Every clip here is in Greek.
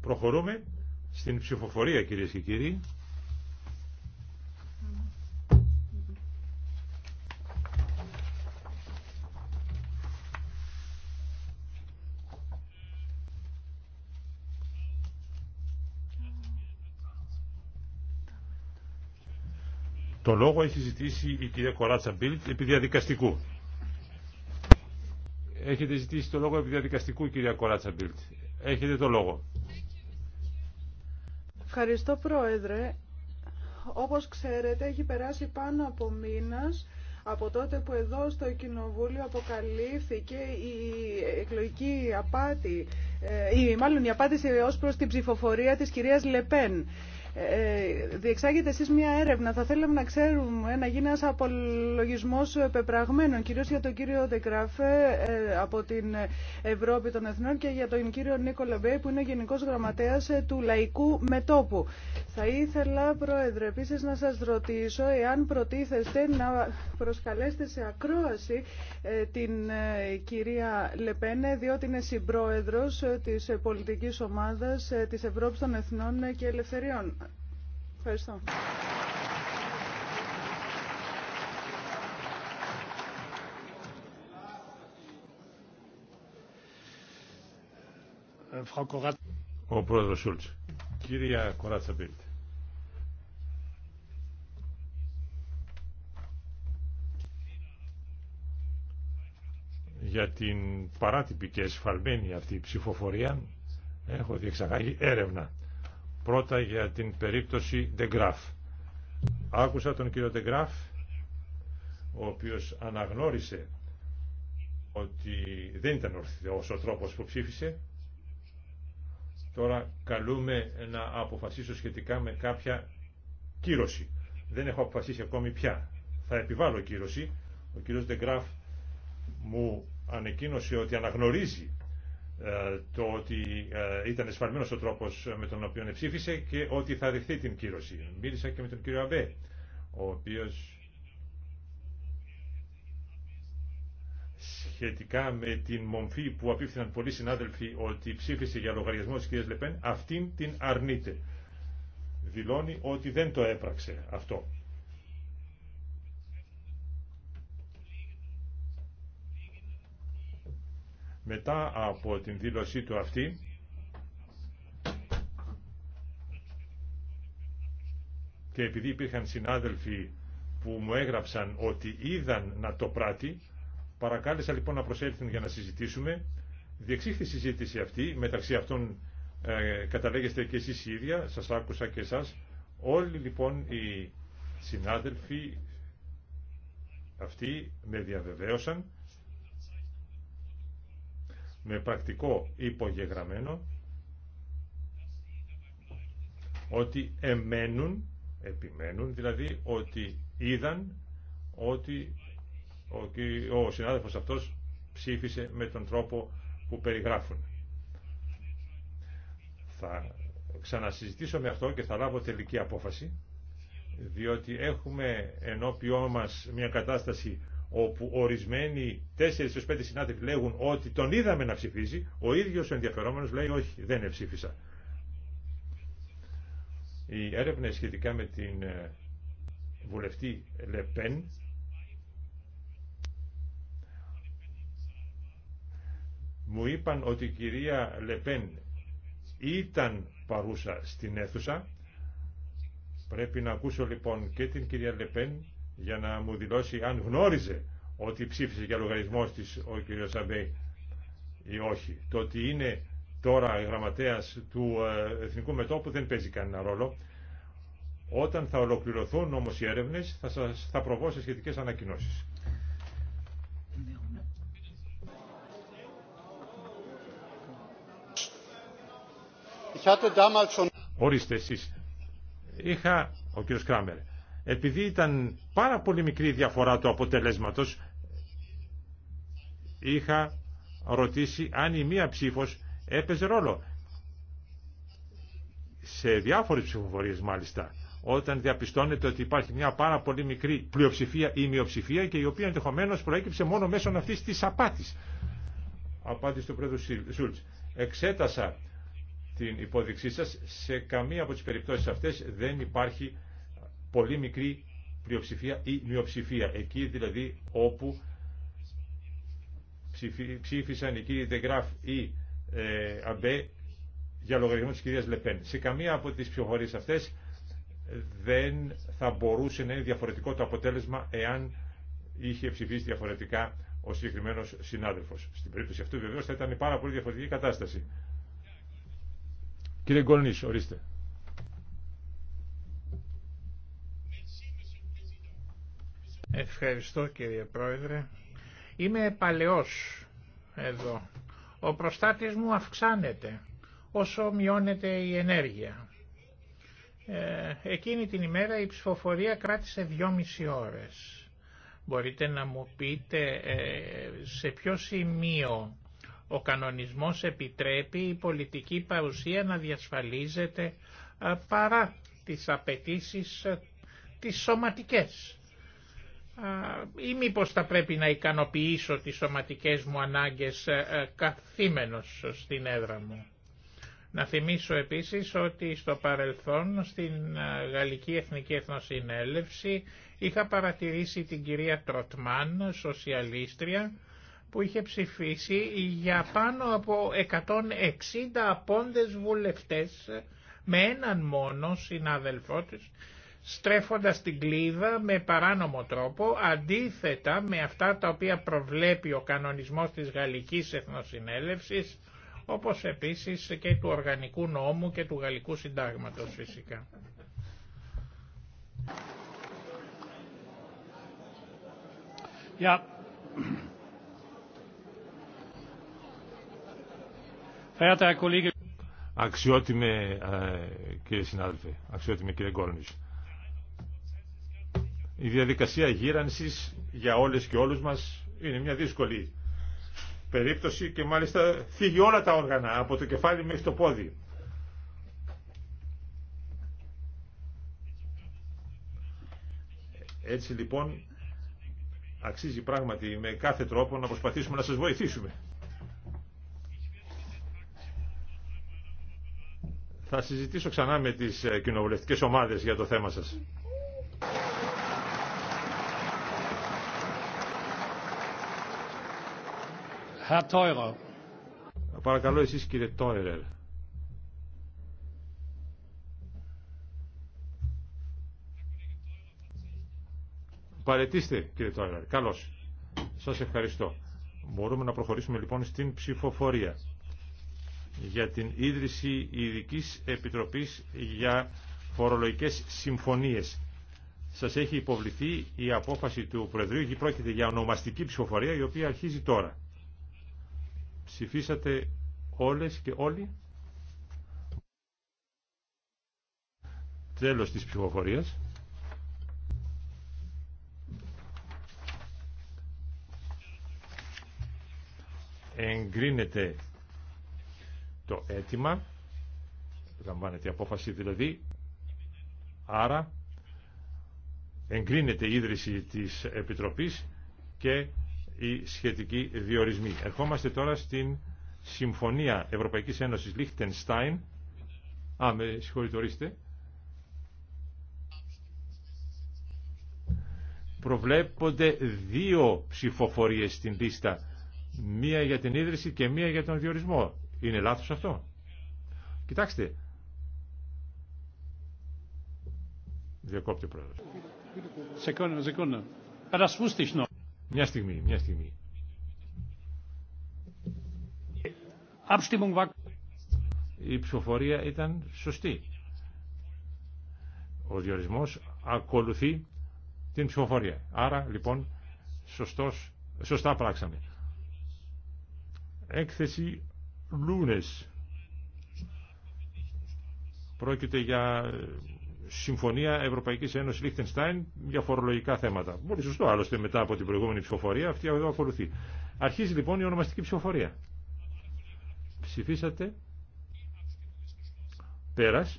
Προχωρούμε στην ψηφοφορία κυρίε και κύριοι. Το λόγο έχει ζητήσει η κυρία Κοράτσα Μπίλτ επί διαδικαστικού. Έχετε ζητήσει το λόγο επί διαδικαστικού, κυρία Κοράτσα Έχετε το λόγο. Ευχαριστώ, Πρόεδρε. Όπως ξέρετε, έχει περάσει πάνω από μήνας από τότε που εδώ στο Κοινοβούλιο αποκαλύφθηκε η εκλογική απάτη, ή ε, μάλλον η μαλλον η απατηση ως προς την ψηφοφορία της κυρίας Λεπέν. Ε, διεξάγετε εσείς μια έρευνα. Θα θέλαμε να ξέρουμε, να γίνει ένας απολογισμός πεπραγμένων, κυρίως για τον κύριο Δεκράφε από την Ευρώπη των Εθνών και για τον κύριο Νίκο Λεμπέη που είναι Γενικός Γραμματέας ε, του Λαϊκού Μετόπου. Θα ήθελα, Πρόεδρε, επίση να σας ρωτήσω εάν προτίθεστε να προσκαλέσετε σε ακρόαση ε, την κυρία Λεπένε, διότι είναι συμπρόεδρος της πολιτικής ομάδας της Ευρώπης των Εθνών και Ελευθεριών. Ευχαριστώ. Ε, Ο πρόεδρος Σούλτς. Κυρία Κοράτσα Μπίλτ. Για την παράτυπη και εσφαλμένη αυτή η ψηφοφορία έχω διεξαγάγει έρευνα. Πρώτα για την περίπτωση Δεγκράφ. Άκουσα τον κύριο Δεγκράφ ο οποίος αναγνώρισε ότι δεν ήταν ορθός ο τρόπος που ψήφισε. Τώρα καλούμε να αποφασίσω σχετικά με κάποια κύρωση. Δεν έχω αποφασίσει ακόμη πια. Θα επιβάλλω κύρωση. Ο κύριος Δεγκράφ μου ανακοίνωσε ότι αναγνωρίζει το ότι ε, ήταν εσφαλμένος ο τρόπος με τον οποίο ψήφισε και ότι θα δεχθεί την κύρωση. Μίλησα και με τον κύριο Αμπέ, ο οποίος σχετικά με την μομφή που απίφθηναν πολλοί συνάδελφοι ότι ψήφισε για λογαριασμό της κυρίας Λεπέν, αυτήν την αρνείται. Δηλώνει ότι δεν το έπραξε αυτό. Μετά από την δήλωσή του αυτή, και επειδή υπήρχαν συνάδελφοι που μου έγραψαν ότι είδαν να το πράττει, παρακάλεσα λοιπόν να προσέλθουν για να συζητήσουμε. Διεξήχθη συζήτηση αυτή, μεταξύ αυτών ε, καταλέγεστε και εσείς ίδια, σας άκουσα και εσάς. Όλοι λοιπόν οι συνάδελφοι αυτοί με διαβεβαίωσαν με πρακτικό υπογεγραμμένο ότι εμένουν, επιμένουν δηλαδή ότι είδαν ότι ο, ο συνάδελφος αυτός ψήφισε με τον τρόπο που περιγράφουν. Θα ξανασυζητήσω με αυτό και θα λάβω τελική απόφαση διότι έχουμε ενώπιό μας μια κατάσταση όπου ορισμένοι 4 5 συνάδελφοι λέγουν ότι τον είδαμε να ψηφίζει, ο ίδιος ο ενδιαφερόμενος λέει όχι, δεν ψήφισα. Η έρευνα σχετικά με την ε, βουλευτή Λεπέν μου είπαν ότι η κυρία Λεπέν ήταν παρούσα στην αίθουσα. Πρέπει να ακούσω λοιπόν και την κυρία Λεπέν για να μου δηλώσει αν γνώριζε ότι ψήφισε για λογαριασμό τη ο κ. Σαμπέ ή όχι. Το ότι είναι τώρα γραμματεα του ε, Εθνικού Μετώπου δεν παίζει κανένα ρόλο. Όταν θα ολοκληρωθούν όμω οι έρευνε θα, σας, θα προβώ σε σχετικές ανακοινώσεις. Ορίστε εσείς. Είχα, ο κύριος Κράμερ, επειδή ήταν πάρα πολύ μικρή διαφορά του αποτελέσματος, είχα ρωτήσει αν η μία ψήφος έπαιζε ρόλο. Σε διάφορες ψηφοφορίες μάλιστα, όταν διαπιστώνεται ότι υπάρχει μια πάρα πολύ μικρή πλειοψηφία ή μειοψηφία και η οποία ενδεχομένω προέκυψε μόνο μέσω αυτής της απάτης. απάτης του πρόεδρου Σούλτς. Εξέτασα την υπόδειξή σας, σε καμία από τις περιπτώσεις αυτές δεν υπάρχει πολύ μικρή πλειοψηφία ή μειοψηφία. Εκεί δηλαδή όπου ψήφισαν οι κύριοι Δεγκράφ ή ε, Αμπέ για λογαριασμό της κυρίας Λεπέν. Σε καμία από τις ψηφοφορίες αυτές δεν θα μπορούσε να είναι διαφορετικό το αποτέλεσμα εάν είχε ψηφίσει διαφορετικά ο συγκεκριμένος συνάδελφος. Στην περίπτωση αυτού βεβαίως θα ήταν πάρα πολύ διαφορετική κατάσταση. Κύριε Γκολνής, ορίστε. Ευχαριστώ κύριε Πρόεδρε. Είμαι παλαιός εδώ. Ο προστάτης μου αυξάνεται όσο μειώνεται η ενέργεια. Ε, εκείνη την ημέρα η ψηφοφορία κράτησε δυόμιση ώρες. Μπορείτε να μου πείτε ε, σε ποιο σημείο ο κανονισμός επιτρέπει η πολιτική παρουσία να διασφαλίζεται ε, παρά τις απαιτήσεις ε, τις σωματικές ή μήπως θα πρέπει να ικανοποιήσω τις σωματικές μου ανάγκες ε, ε, καθήμενος στην έδρα μου. Να θυμίσω επίσης ότι στο παρελθόν στην ε, Γαλλική Εθνική Εθνοσυνέλευση είχα παρατηρήσει την κυρία Τροτμάν, σοσιαλίστρια, που είχε ψηφίσει για πάνω από 160 απόντες βουλευτές με έναν μόνο συνάδελφό της στρέφοντας την κλίδα με παράνομο τρόπο αντίθετα με αυτά τα οποία προβλέπει ο κανονισμός της Γαλλικής Εθνοσυνέλευσης όπως επίσης και του Οργανικού Νόμου και του Γαλλικού Συντάγματος φυσικά. Yeah. Αξιότιμε ε, κύριε συνάδελφε, αξιότιμε κύριε Γκόρνης. Η διαδικασία γύρανσης για όλες και όλους μας είναι μια δύσκολη περίπτωση και μάλιστα φύγει όλα τα όργανα από το κεφάλι μέχρι το πόδι. Έτσι λοιπόν αξίζει πράγματι με κάθε τρόπο να προσπαθήσουμε να σας βοηθήσουμε. Θα συζητήσω ξανά με τις ε, κοινοβουλευτικές ομάδες για το θέμα σας. Παρακαλώ εσείς κύριε Τόιρερ. Παρετήστε κύριε Τόιρερ. Καλώς. Σας ευχαριστώ. Μπορούμε να προχωρήσουμε λοιπόν στην ψηφοφορία για την ίδρυση ειδική Επιτροπής για φορολογικές συμφωνίες. Σας έχει υποβληθεί η απόφαση του Προεδρείου και πρόκειται για ονομαστική ψηφοφορία η οποία αρχίζει τώρα. Ψηφίσατε όλες και όλοι. Τέλος της ψηφοφορίας. Εγκρίνεται το αίτημα, λαμβάνεται η απόφαση δηλαδή, άρα εγκρίνεται η ίδρυση της Επιτροπής και οι σχετικοί διορισμοί. Ερχόμαστε τώρα στην Συμφωνία Ευρωπαϊκής Ένωσης Λίχτενστάιν. Α, με συγχωρείτε, ορίστε. Προβλέπονται δύο ψηφοφορίες στην λίστα. Μία για την ίδρυση και μία για τον διορισμό. Είναι λάθος αυτό. Κοιτάξτε. Διακόπτει ο πρόεδρος. Μια στιγμή, μια στιγμή. Η ψηφοφορία ήταν σωστή. Ο διορισμός ακολουθεί την ψηφοφορία. Άρα λοιπόν σωστός, σωστά πράξαμε. Έκθεση Λούνες. Πρόκειται για ε, Συμφωνία Ευρωπαϊκή Ένωση Λίχτενστάιν για φορολογικά θέματα. Πολύ σωστό άλλωστε μετά από την προηγούμενη ψηφοφορία, αυτή εδώ ακολουθεί. Αρχίζει λοιπόν η ονομαστική ψηφοφορία. Ψηφίσατε. Πέρα.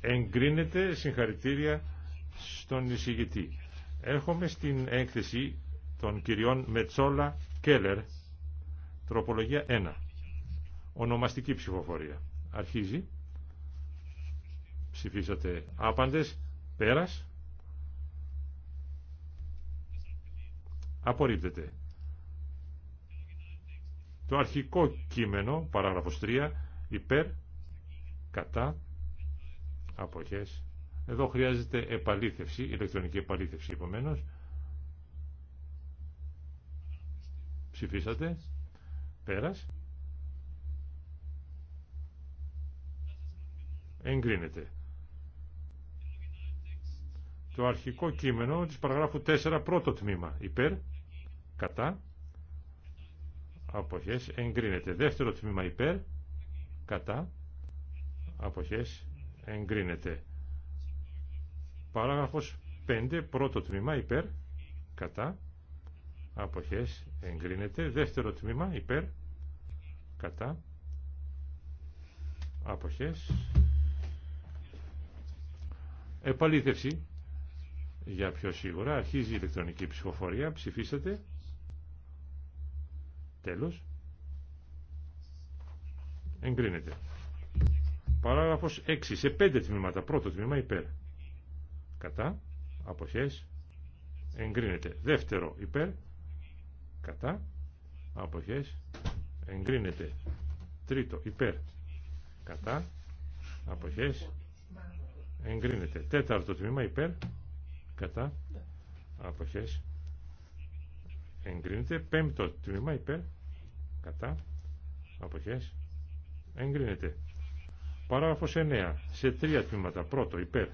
Εγκρίνεται συγχαρητήρια στον εισηγητή. Έρχομαι στην έκθεση των κυριών Μετσόλα Κέλλερ, τροπολογία 1. Ονομαστική ψηφοφορία. Αρχίζει. Ψηφίσατε άπαντες. Πέρας. Απορρίπτεται. Το αρχικό κείμενο, παράγραφος 3, υπέρ, κατά, αποχές. Εδώ χρειάζεται επαλήθευση, ηλεκτρονική επαλήθευση επομένω. Ψηφίσατε. Πέρας. Εγκρίνεται. Το αρχικό κείμενο της παραγράφου 4 πρώτο τμήμα. Υπέρ. Κατά. Αποχές. Εγκρίνεται. Δεύτερο τμήμα υπέρ. Κατά. Αποχές. Εγκρίνεται. Παράγραφος 5 πρώτο τμήμα υπέρ. Κατά. Αποχές. Εγκρίνεται. Δεύτερο τμήμα υπέρ. Κατά. Αποχές Επαλήθευση. Για πιο σίγουρα. Αρχίζει η ηλεκτρονική ψηφοφορία. Ψηφίσατε. Τέλος. Εγκρίνεται. Παράγραφος 6. Σε 5 τμήματα. Πρώτο τμήμα υπέρ. Κατά. Αποχές. Εγκρίνεται. Δεύτερο υπέρ. Κατά. Αποχές. Εγκρίνεται. Τρίτο υπέρ. Κατά. Αποχές εγκρίνεται. Τέταρτο τμήμα υπέρ, κατά, αποχές, εγκρίνεται. Πέμπτο τμήμα υπέρ, κατά, αποχές, εγκρίνεται. Παράγραφος 9. Σε τρία τμήματα. Πρώτο, υπέρ.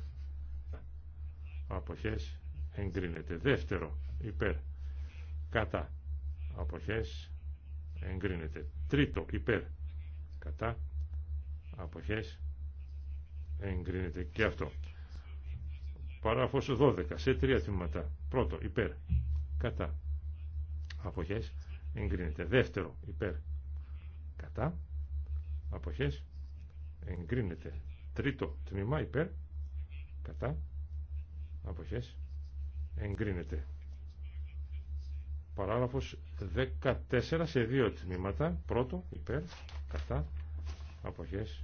Αποχές, εγκρίνεται. Δεύτερο, υπέρ. Κατά. Αποχές, εγκρίνεται. Τρίτο, υπέρ. Κατά. Αποχές, εγκρίνεται και αυτό. Παράγραφος 12 σε τρία τμήματα. Πρώτο, υπέρ. Κατά. Αποχές εγκρίνεται. Δεύτερο, υπέρ. Κατά. Αποχές εγκρίνεται. Τρίτο τμήμα, υπέρ. Κατά. Αποχές εγκρίνεται. Παράγραφος 14 σε δύο τμήματα. Πρώτο, υπέρ. Κατά. Αποχές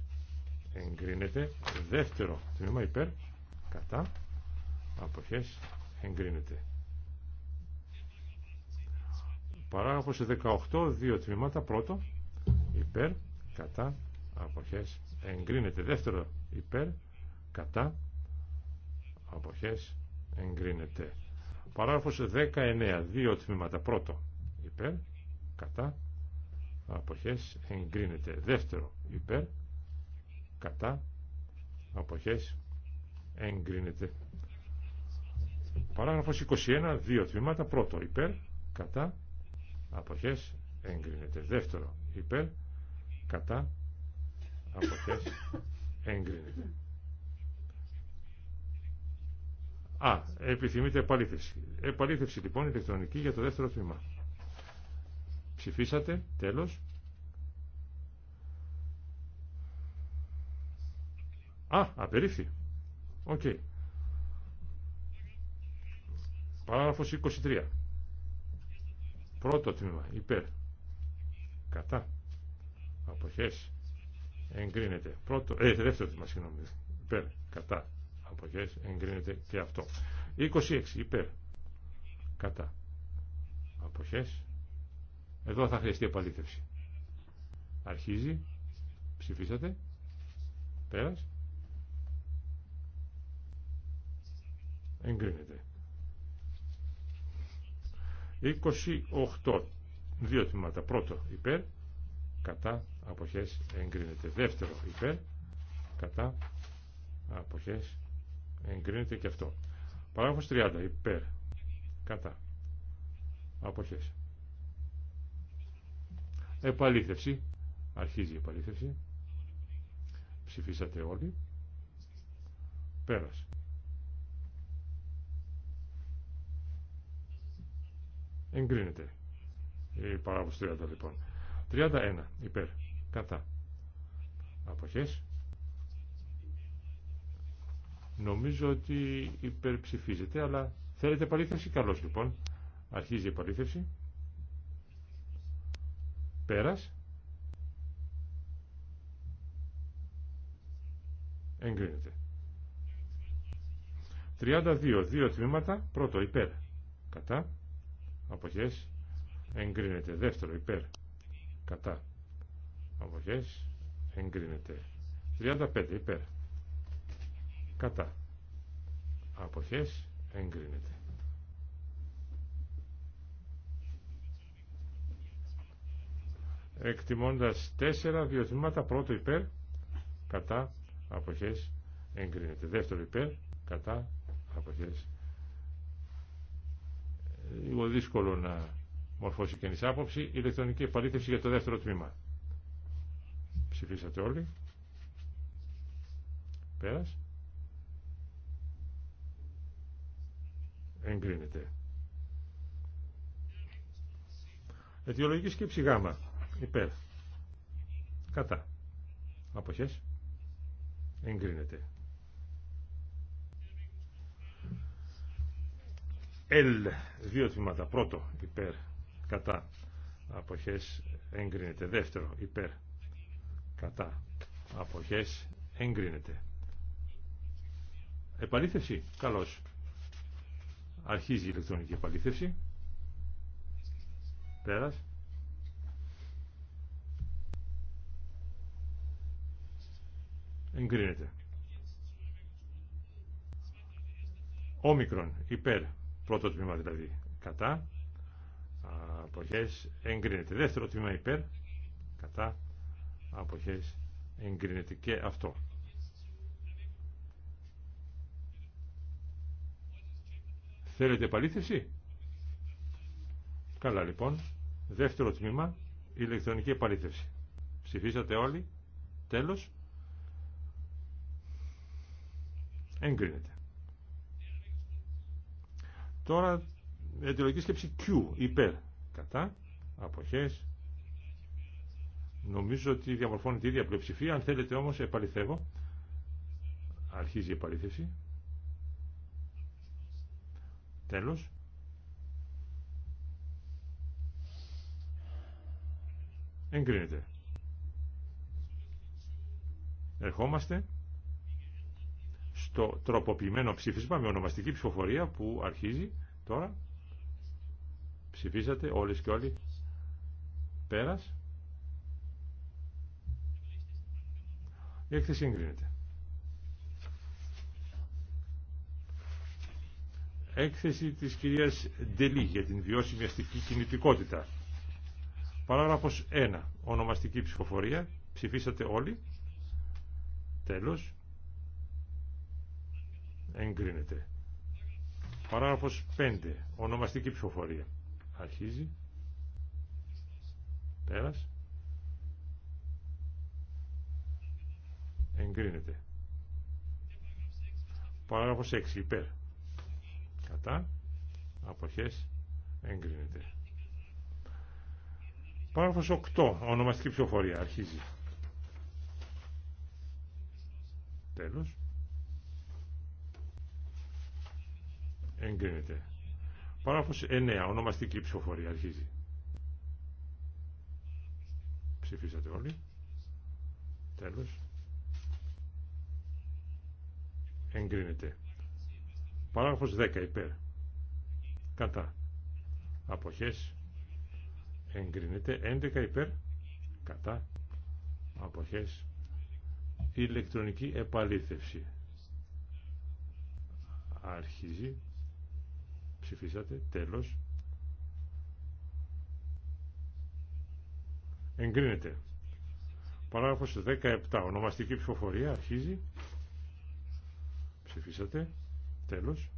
εγκρίνεται δεύτερο τμήμα υπέρ κατά αποχές εγκρίνεται παράγραφος 18 δύο τμήματα πρώτο υπέρ κατά αποχές εγκρίνεται δεύτερο υπέρ κατά αποχές εγκρίνεται παράγραφος 19 δύο τμήματα πρώτο υπέρ κατά αποχές εγκρίνεται δεύτερο υπέρ κατά αποχές εγκρίνεται παράγραφος 21 δύο τμήματα πρώτο υπέρ κατά αποχές εγκρίνεται δεύτερο υπέρ κατά αποχές εγκρίνεται Α, επιθυμείτε επαλήθευση. Επαλήθευση λοιπόν ηλεκτρονική για το δεύτερο τμήμα. Ψηφίσατε, τέλος. Α, απερίφθη. Οκ. Okay. Παράγραφος 23. Πρώτο τμήμα. Υπέρ. Κατά. Αποχές. Εγκρίνεται. Πρώτο, ε, δεύτερο τμήμα, συγγνώμη. Υπέρ. Κατά. Αποχές. Εγκρίνεται και αυτό. 26. Υπέρ. Κατά. Αποχές. Εδώ θα χρειαστεί επαλήθευση. Αρχίζει. Ψηφίσατε. Πέρας. εγκρίνεται. 28. Δύο τμήματα. Πρώτο υπέρ, κατά, αποχές, εγκρίνεται. Δεύτερο υπέρ, κατά, αποχές, εγκρίνεται και αυτό. Παράγραφος 30. Υπέρ, κατά, αποχές. Επαλήθευση. Αρχίζει η επαλήθευση. Ψηφίσατε όλοι. Πέρασε. Εγκρίνεται. Η παράγωση 30 λοιπόν. 31 υπέρ. Κατά. Αποχές. Νομίζω ότι υπερψηφίζεται, αλλά θέλετε επαλήθευση. Καλώς λοιπόν. Αρχίζει η επαλήθευση. Πέρας. Εγκρίνεται. 32. Δύο τμήματα. Πρώτο υπέρ. Κατά αποχές εγκρίνεται δεύτερο υπέρ κατά αποχές εγκρίνεται 35 υπέρ κατά αποχές εγκρίνεται εκτιμώντας 4 δύο πρώτο υπέρ κατά αποχές εγκρίνεται δεύτερο υπέρ κατά αποχές λίγο δύσκολο να μορφώσει κανείς άποψη. Ηλεκτρονική επαλήθευση για το δεύτερο τμήμα. Ψηφίσατε όλοι. Πέρας. Εγκρίνεται. Αιτιολογική σκέψη γάμα. Υπέρ. Κατά. Αποχές. Εγκρίνεται. L, δύο τμήματα. Πρώτο, υπέρ, κατά, αποχές, εγκρίνεται. Δεύτερο, υπέρ, κατά, αποχές, εγκρίνεται. Επαλήθευση, καλώς. Αρχίζει η ηλεκτρονική επαλήθευση. Πέρας. Εγκρίνεται. Όμικρον, υπέρ, Πρώτο τμήμα δηλαδή κατά. Αποχές εγκρίνεται. Δεύτερο τμήμα υπέρ. Κατά. Αποχές εγκρίνεται και αυτό. Θέλετε επαλήθευση. Καλά λοιπόν. Δεύτερο τμήμα ηλεκτρονική επαλήθευση. Ψηφίσατε όλοι. Τέλος. Εγκρίνεται. Τώρα αιτιολογική σκέψη Q υπέρ κατά αποχές νομίζω ότι διαμορφώνει η ίδια πλειοψηφία αν θέλετε όμως επαληθεύω αρχίζει η επαλήθευση τέλος εγκρίνεται ερχόμαστε το τροποποιημένο ψήφισμα με ονομαστική ψηφοφορία που αρχίζει τώρα. Ψηφίσατε όλες και όλοι. Πέρας. Η έκθεση εγκρίνεται. Έκθεση της κυρίας Ντελή για την βιώσιμη αστική κινητικότητα. Παράγραφος 1. Ονομαστική ψηφοφορία. Ψηφίσατε όλοι. Τέλος εγκρίνεται. Παράγραφος 5. Ονομαστική ψηφοφορία. Αρχίζει. Πέρας. Εγκρίνεται. Παράγραφος 6. Υπέρ. Κατά. Αποχές. Εγκρίνεται. Παράγραφος 8. Ονομαστική ψηφοφορία. Αρχίζει. Τέλος. Εγκρίνεται. Παράγραφος 9. Ονομαστική ψηφοφορία. Αρχίζει. Ψηφίσατε όλοι. Τέλος. Εγκρίνεται. Παράγραφος 10. Υπέρ. Κατά. Αποχές. Εγκρίνεται. 11. Υπέρ. Κατά. Αποχές. Ηλεκτρονική επαλήθευση. Αρχίζει. Ψηφίσατε. Τέλος. Εγκρίνεται. Παράγραφος 17. Ονομαστική ψηφοφορία αρχίζει. Ψηφίσατε. Τέλος.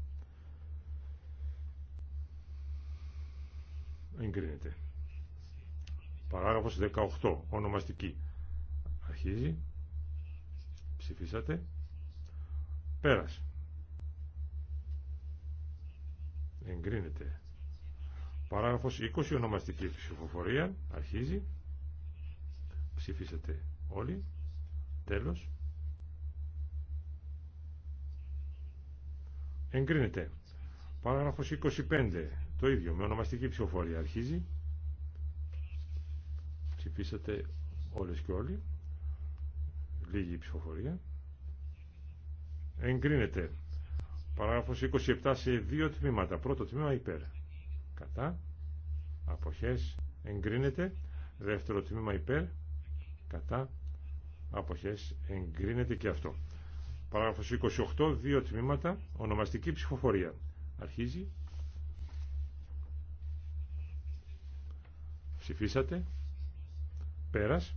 Εγκρίνεται. Παράγραφος 18. Ονομαστική. Αρχίζει. Ψηφίσατε. Πέρασε. Εγκρίνεται. Παράγραφος 20 ονομαστική ψηφοφορία. Αρχίζει. Ψηφίσατε όλοι. Τέλος. Εγκρίνεται. Παράγραφος 25. Το ίδιο με ονομαστική ψηφοφορία. Αρχίζει. Ψηφίσατε όλες και όλοι. Λίγη ψηφοφορία. Εγκρίνεται. Παράγραφος 27 σε δύο τμήματα. Πρώτο τμήμα υπέρ. Κατά. Αποχές. Εγκρίνεται. Δεύτερο τμήμα υπέρ. Κατά. Αποχές. Εγκρίνεται και αυτό. Παράγραφος 28. Δύο τμήματα. Ονομαστική ψηφοφορία. Αρχίζει. Ψηφίσατε. Πέρας.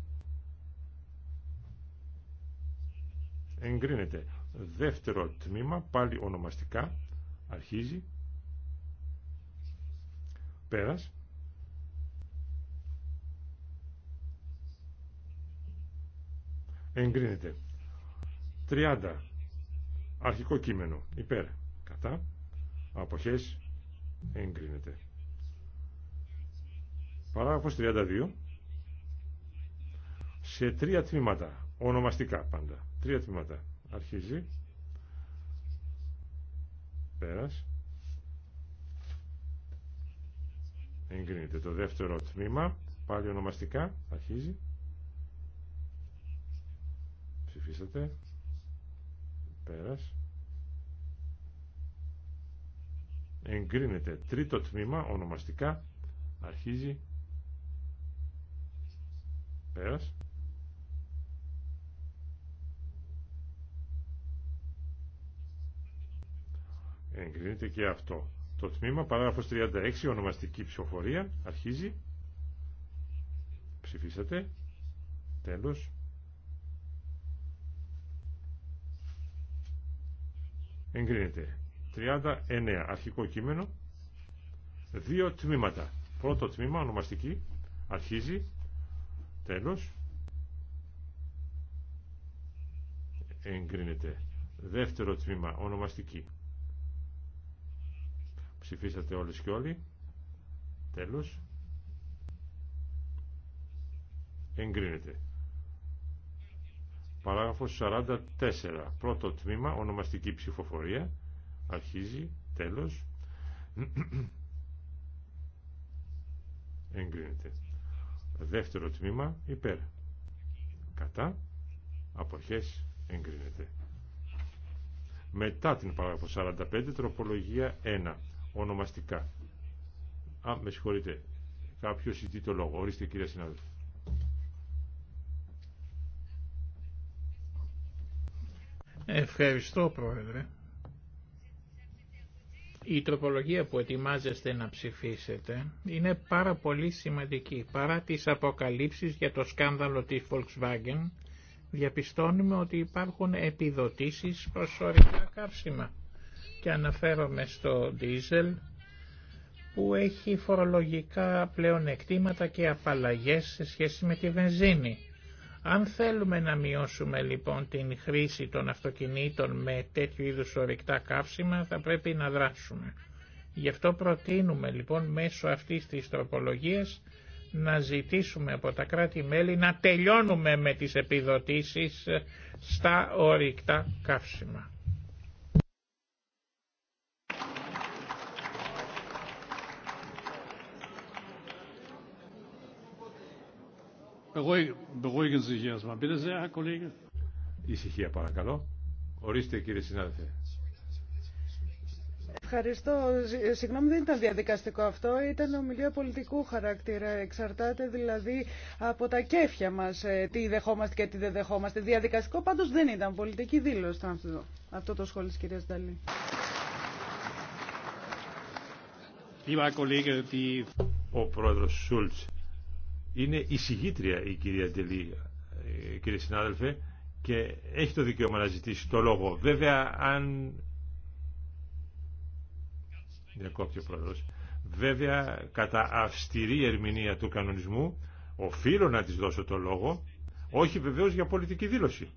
Εγκρίνεται. Δεύτερο τμήμα, πάλι ονομαστικά, αρχίζει. Πέρας. Εγκρίνεται. 30. Αρχικό κείμενο. Υπέρ. Κατά. Αποχές. Εγκρίνεται. Παράγραφος 32. Σε τρία τμήματα. Ονομαστικά πάντα. Τρία τμήματα αρχίζει πέρας εγκρίνεται το δεύτερο τμήμα πάλι ονομαστικά αρχίζει ψηφίσατε πέρας εγκρίνεται τρίτο τμήμα ονομαστικά αρχίζει πέρας Εγκρίνεται και αυτό. Το τμήμα, παράγραφος 36, ονομαστική ψηφοφορία, αρχίζει. Ψηφίσατε. Τέλος. Εγκρίνεται. 39, αρχικό κείμενο. Δύο τμήματα. Πρώτο τμήμα, ονομαστική, αρχίζει. Τέλος. Εγκρίνεται. Δεύτερο τμήμα, ονομαστική, Ψηφίσατε όλες και όλοι. Τέλος. Εγκρίνεται. Παράγραφος 44. Πρώτο τμήμα, ονομαστική ψηφοφορία. Αρχίζει, τέλος. Εγκρίνεται. Δεύτερο τμήμα, υπέρ. Κατά. Αποχές, εγκρίνεται. Μετά την παράγραφο 45, τροπολογία 1 ονομαστικά. Α, με συγχωρείτε. Κάποιος ζητεί το λόγο. Ορίστε κύριε Ευχαριστώ Πρόεδρε. Η τροπολογία που ετοιμάζεστε να ψηφίσετε είναι πάρα πολύ σημαντική. Παρά τις αποκαλύψεις για το σκάνδαλο της Volkswagen, διαπιστώνουμε ότι υπάρχουν επιδοτήσεις προσωρινά καύσιμα και αναφέρομαι στο ντίζελ που έχει φορολογικά πλέον πλεονεκτήματα και απαλλαγές σε σχέση με τη βενζίνη. Αν θέλουμε να μειώσουμε λοιπόν την χρήση των αυτοκινήτων με τέτοιου είδους ορυκτά καύσιμα θα πρέπει να δράσουμε. Γι' αυτό προτείνουμε λοιπόν μέσω αυτής της τροπολογίας να ζητήσουμε από τα κράτη-μέλη να τελειώνουμε με τις επιδοτήσεις στα ορυκτά καύσιμα. Ευχαριστώ. Συγγνώμη, δεν ήταν διαδικαστικό αυτό. Ήταν ομιλία πολιτικού χαρακτήρα. Εξαρτάται δηλαδή από τα κέφια μα ε, τι δεχόμαστε και τι δεν δεχόμαστε. Διαδικαστικό πάντω δεν ήταν. Πολιτική δήλωση αυτό, το σχόλιο τη κυρία Νταλή. Ο πρόεδρο Σούλτ είναι εισηγήτρια η κυρία Ντελή, ε, κύριε συνάδελφε, και έχει το δικαίωμα να ζητήσει το λόγο. Βέβαια, αν... Διακόπτει ο Βέβαια, κατά αυστηρή ερμηνεία του κανονισμού, οφείλω να της δώσω το λόγο, όχι βεβαίως για πολιτική δήλωση.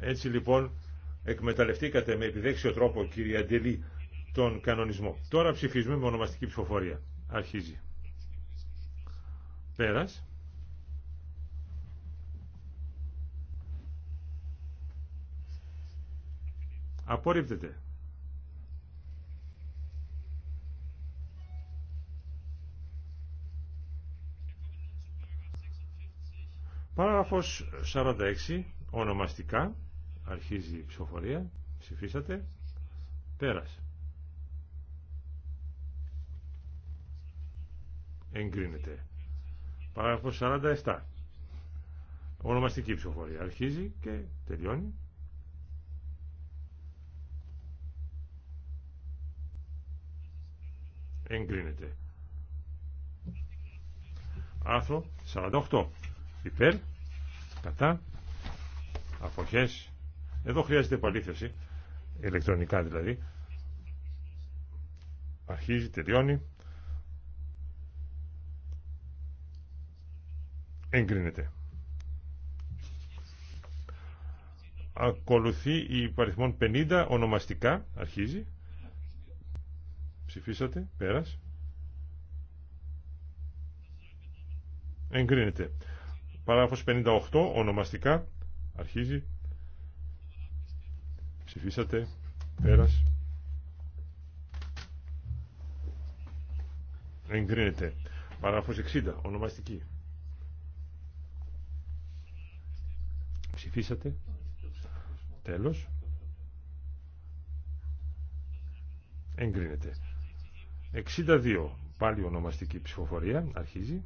Έτσι λοιπόν, εκμεταλλευτήκατε με επιδέξιο τρόπο, κυρία Ντελή, τον κανονισμό. Τώρα ψηφίζουμε με ονομαστική ψηφοφορία. Αρχίζει. Πέρας. Απορρίπτεται. Παράγραφος 46, ονομαστικά, αρχίζει η ψηφοφορία, ψηφίσατε, πέρασε. Εγκρίνεται. Παράγραφο 47. Ονομαστική ψηφοφορία. Αρχίζει και τελειώνει. Εγκρίνεται. Άρθρο 48. Υπέρ. Κατά. Αποχές. Εδώ χρειάζεται επαλήθευση. Ηλεκτρονικά δηλαδή. Αρχίζει, τελειώνει. Εγκρίνεται. Ακολουθεί η υπαριθμόν 50 ονομαστικά. Αρχίζει. Ψηφίσατε. Πέρας. Εγκρίνεται. Παράγραφος 58 ονομαστικά. Αρχίζει. Ψηφίσατε. Πέρας. Εγκρίνεται. Παράγραφος 60 ονομαστική. Ψηφίσατε. Τέλος. Εγκρίνεται. 62. Πάλι ονομαστική ψηφοφορία. Αρχίζει.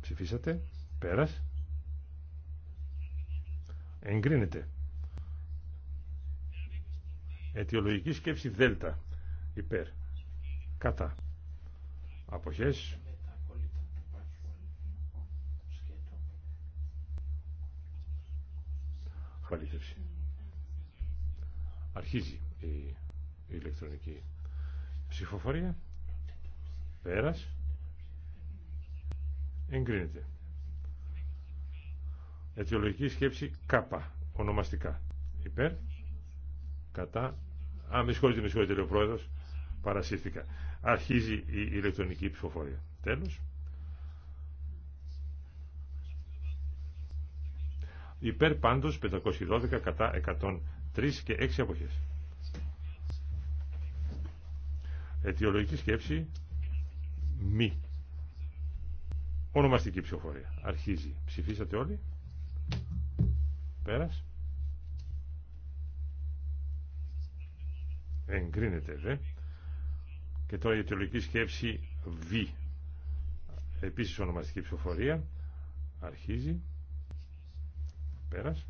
Ψηφίσατε. Πέρας. Εγκρίνεται. Αιτιολογική σκέψη Δέλτα. Υπέρ. Κατά. Αποχές. Αρχίζει η ηλεκτρονική ψηφοφορία. Πέρας. Εγκρίνεται. Αιτιολογική σκέψη κάπα, ονομαστικά. Υπέρ, κατά, α, με συγχωρείτε, με συγχωρείτε, λέει ο πρόεδρος, παρασύρθηκα. Αρχίζει η ηλεκτρονική ψηφοφορία. Τέλος. Υπέρ πάντως 512 κατά Τρεις και έξι αποχές. Αιτιολογική σκέψη μη. Ονομαστική ψηφοφορία. Αρχίζει. Ψηφίσατε όλοι. Πέρας. Εγκρίνεται δε. Και τώρα η αιτιολογική σκέψη Β. Επίσης ονομαστική ψηφοφορία. Αρχίζει. Πέρας.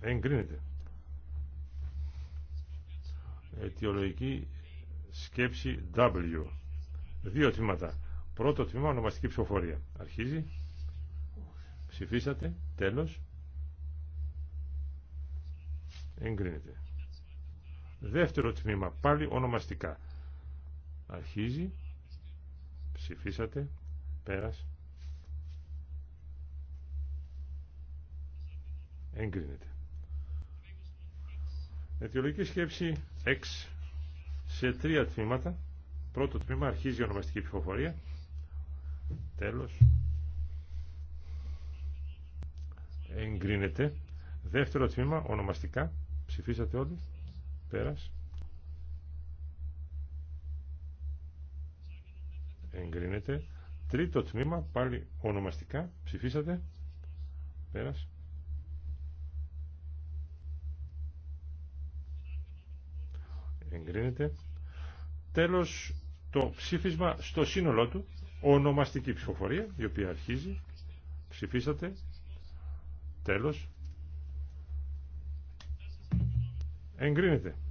Εγκρίνεται. Αιτιολογική σκέψη W. Δύο τμήματα. Πρώτο τμήμα ονομαστική ψηφοφορία. Αρχίζει. Ψηφίσατε. Τέλος. Εγκρίνεται. Δεύτερο τμήμα. Πάλι ονομαστικά. Αρχίζει. Ψηφίσατε. Πέρας. Εγκρίνεται. Αιτιολογική σκέψη 6 σε τρία τμήματα. Πρώτο τμήμα αρχίζει η ονομαστική ψηφοφορία. Τέλος. Εγκρίνεται. Δεύτερο τμήμα ονομαστικά. Ψηφίσατε όλοι. Πέρας. Εγκρίνεται. Τρίτο τμήμα πάλι ονομαστικά. Ψηφίσατε. Πέρας. εγκρίνεται. Τέλος, το ψήφισμα στο σύνολό του, ονομαστική ψηφοφορία, η οποία αρχίζει, ψηφίσατε, τέλος, εγκρίνεται.